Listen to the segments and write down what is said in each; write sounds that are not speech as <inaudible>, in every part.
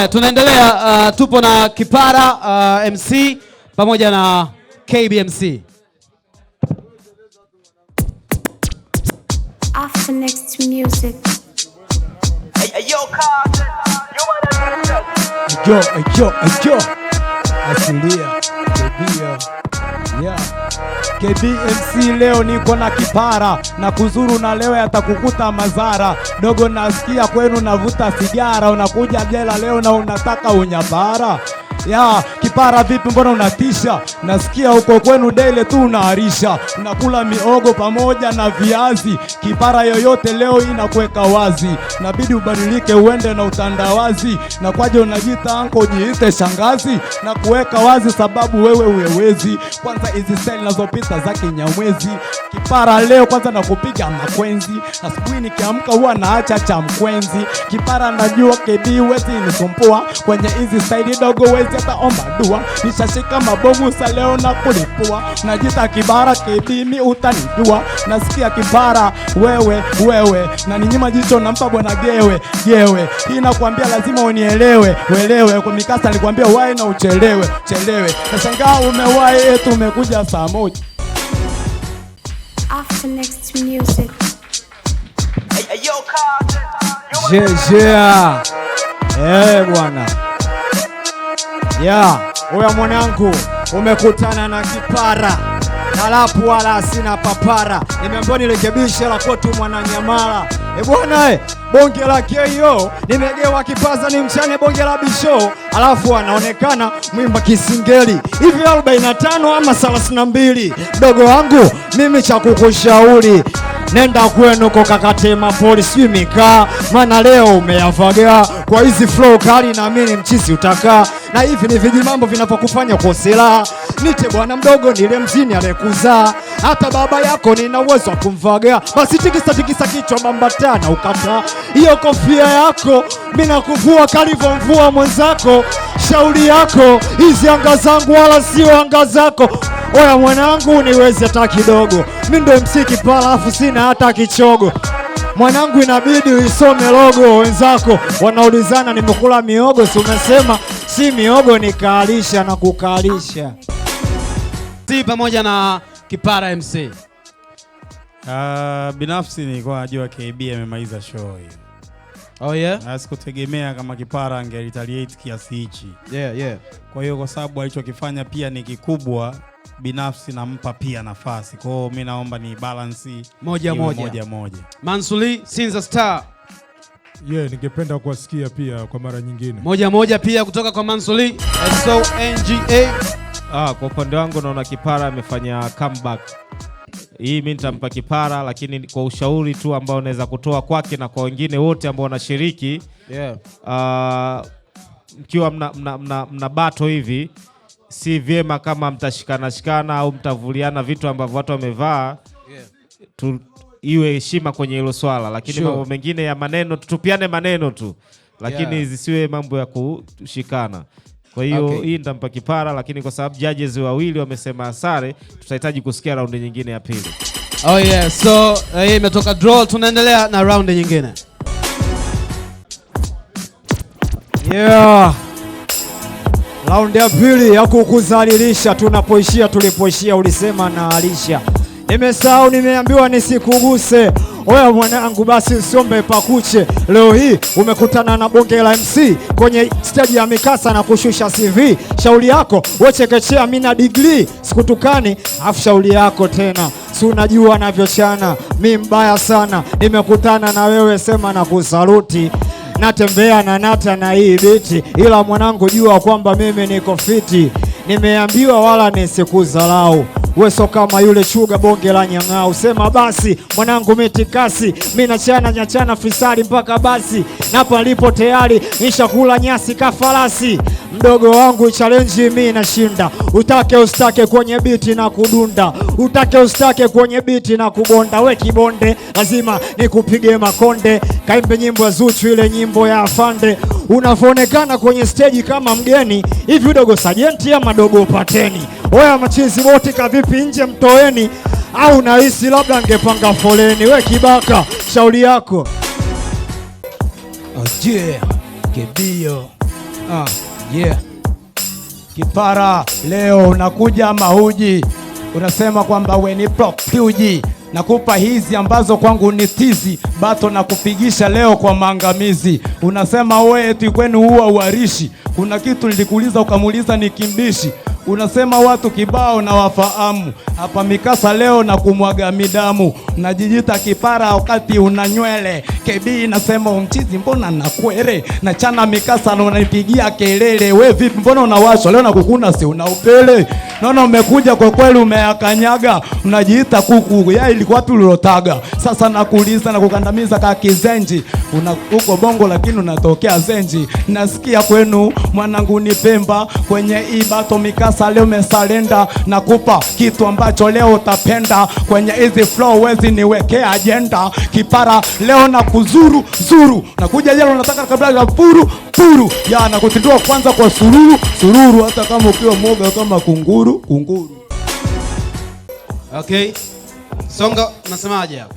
Haya, eh, tunaendelea uh, tupo na Kipara uh, MC pamoja na KBMC. After next music. Hey, yo, yo, yo, yo. Asilia. KBMC leo niko na kipara na kuzuru na leo yatakukuta mazara Dogo nasikia kwenu navuta sigara, unakuja jela leo na unataka unyapara ya kipara, vipi? Mbona unatisha? Nasikia huko kwenu dele tu unaharisha, unakula miogo pamoja na viazi. Kipara yoyote leo inakuweka wazi, nabidi ubadilike uende na utandawazi. Na kwaje unajiita anko, jiite shangazi na kuweka wazi, sababu wewe uwewezi. Kwanza hizi style nazopita za Kinyamwezi, kipara leo kwanza nakupiga makwenzi. Asubuhi nikiamka huwa naacha cha mkwenzi. Kipara najua kebi, wezi nisumpua kwenye hizi saidi dogo wezi Sijata omba dua, nishashika mabomu sa leo na kulipua. Najita kibara kidini, utanijua nasikia kibara wewe wewe, na ninyima jicho nampa bwana gewe gewe. Hii nakwambia lazima unielewe welewe, kwa mikasa nilikwambia wahi na uchelewe chelewe. Nashangaa umewae etu umekuja saa moja. next music. yeah, yeah. Hey, eh, bwana Yeah, huya mwanangu, umekutana na kipara halapu wala asina papara. Nimeambiwa nirekebishe la kwetu Mwananyamala. E bwana, eh, bonge la keo nimegewa kipaza ni mchane bonge la bisho, alafu anaonekana mwimba kisingeli hivi 45 ama 32. Mdogo wangu mimi cha kukushauri nenda kwenu kokakate mapoli sijui mikaa, maana leo umeyavaga kwa hizi flow kali, na mimi mchizi utakaa na hivi ni vijimambo mambo vinavyokufanya kosela. Nite bwana mdogo nile mjini alekuzaa, hata baba yako nina uwezo wa kumvaga. Basi tikisa tikisa kichwa bambatana ukata hiyo kofia yako, mimi nakuvua mvua mwenzako. Shauri yako hizi anga zangu wala sio anga zako. Oya mwanangu, niwezi hata kidogo, mi ndo msiki Kipala afu sina hata kichogo. Mwanangu, inabidi uisome logo. Wenzako wanaulizana nimekula miogo, si umesema si miogo, nikaalisha na kukaalisha. Si pamoja na kipara MC. Uh, ah, binafsi nilikuwa najua KB amemaliza show hii. Oh yeah? Sikutegemea kama Kipara ange kiasi hichi. Yeah, yeah. Kwa hiyo kwa sababu alichokifanya pia ni kikubwa binafsi nampa pia nafasi. Kwa hiyo mimi naomba ni balance moja moja. Moja moja. Mansuri Sinza Star. Ye, ningependa kuwasikia pia kwa mara nyingine. Moja moja pia kutoka kwa Mansuri SONGA. Ah, kwa upande wangu naona Kipara amefanya comeback. Hii mimi nitampa Kipara, lakini kwa ushauri tu ambao naweza kutoa kwake na kwa wengine wote ambao wanashiriki yeah. Uh, mkiwa mna, mna, mna, mna bato hivi si vyema kama mtashikana shikana au mtavuliana vitu ambavyo watu wamevaa yeah. Iwe heshima kwenye hilo swala, lakini sure. Mambo mengine ya maneno tutupiane maneno tu, lakini yeah. Zisiwe mambo ya kushikana. Kwa hiyo okay. Hii ndampa kipara, lakini kwa sababu judges wawili wamesema sare, tutahitaji kusikia raundi nyingine ya pili. Oh yeah. So uh, imetoka draw, tunaendelea na raundi nyingine yeah. Raundi ya pili ya kukuzalilisha, tunapoishia tulipoishia, ulisema na alisha Nimesahau, nimeambiwa nisikuguse. Oya mwanangu, basi usiombe pakuche. Leo hii umekutana na bonge la MC kwenye stage ya mikasa na kushusha CV. Shauli yako wechekechea, mimi na degree sikutukani, afu shauli yako tena si unajua navyochana. Mi mbaya sana, nimekutana na wewe, sema na kusaluti natembea na nata na hii biti, ila mwanangu jua kwamba mimi niko fiti, nimeambiwa wala nisikudharau weso kama yule chuga bonge la nyang'aa, usema basi mwanangu mitikasi, mi nachana nyachana fisari mpaka basi, napa lipo tayari nishakula nyasi kafarasi mdogo wangu challenge mi nashinda, utake ustake kwenye biti na kudunda, utake ustake kwenye biti na kubonda, we kibonde lazima nikupige makonde. Kaimbe nyimbo ya Zuchu, ile nyimbo ya afande. Unavyoonekana kwenye steji kama mgeni hivi, udogo sajenti ama dogo pateni Oya machizi wote kavipi nje, mtoeni au nahisi labda angepanga foleni. We kibaka, shauri yako. Oh, yeah. Kibio. Ah, yeah. Kipara, leo unakuja mahuji, unasema kwamba we ni profuji, nakupa hizi ambazo kwangu ni tizi, bato na kupigisha leo kwa maangamizi. Unasema we eti kwenu huwa uarishi, kuna kitu nilikuuliza ukamuuliza ni kimbishi Unasema watu kibao na wafahamu, hapa mikasa leo na kumwaga midamu, najijita kipara wakati una nywele. KB nasema umchizi, mbona na kwere na chana mikasa na unanipigia kelele, we vipi, mbona unawashwa leo na kukuna si una upele Naona umekuja kwa kweli, umeakanyaga, unajiita kuku, Ya ilikuwa wapi ulilotaga? Sasa nakuuliza na kukandamiza ka kizenji, una uko Bongo lakini unatokea Zenji. Nasikia kwenu mwanangu ni Pemba, kwenye ibato mikasa leo mesalenda Nakupa kitu ambacho leo utapenda, kwenye hizi flow wezi niwekea ajenda. Kipara leo na kuzuru zuru, nakuja jela, nataka kabla ya furu suru ya na kwanza kwa sururu sururu, hata kama ukiwa moga kama kunguru kunguru. Okay, songa, unasemaje hapo?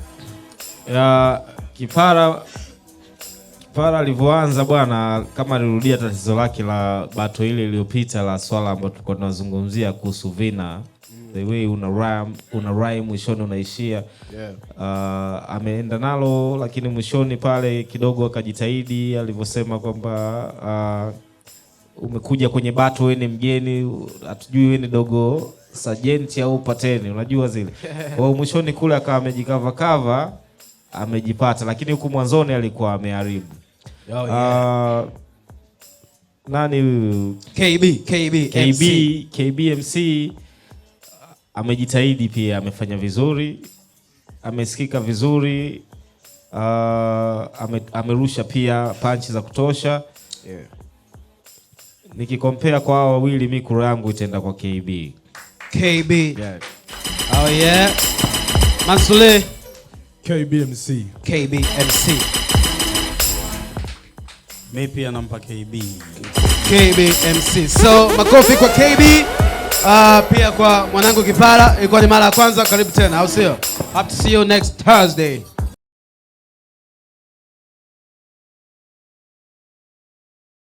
Ya kipara Kipara alivyoanza bwana, kama alirudia tatizo lake la bato ile iliyopita la swala ambalo tulikuwa tunazungumzia kuhusu vina mm the way una rhyme, una rhyme mwishoni unaishia yeah. Uh, ameenda nalo lakini mwishoni pale kidogo akajitahidi alivyosema kwamba uh, umekuja kwenye bato, wewe ni mgeni, hatujui wewe ni dogo sajenti au pateni, unajua zile <laughs> kwa mwishoni kule akawa amejikava kava amejipata, lakini huku mwanzoni alikuwa ameharibu. oh, yeah. uh, nani KB, KB, KB, MC. KB, MC amejitahidi pia, amefanya vizuri, amesikika vizuri uh, ame, amerusha pia panchi za kutosha yeah. Nikikompea kwa hawa wawili, mi kura yangu itaenda kwa KB. KB. Yeah. Oh yeah. MC. KB MC. Mi pia nampa KB. MC. So makofi kwa KB. Uh, pia kwa mwanangu Kipara, ilikuwa ni mara ya kwanza. Karibu tena, au sio? Have to see you next Thursday.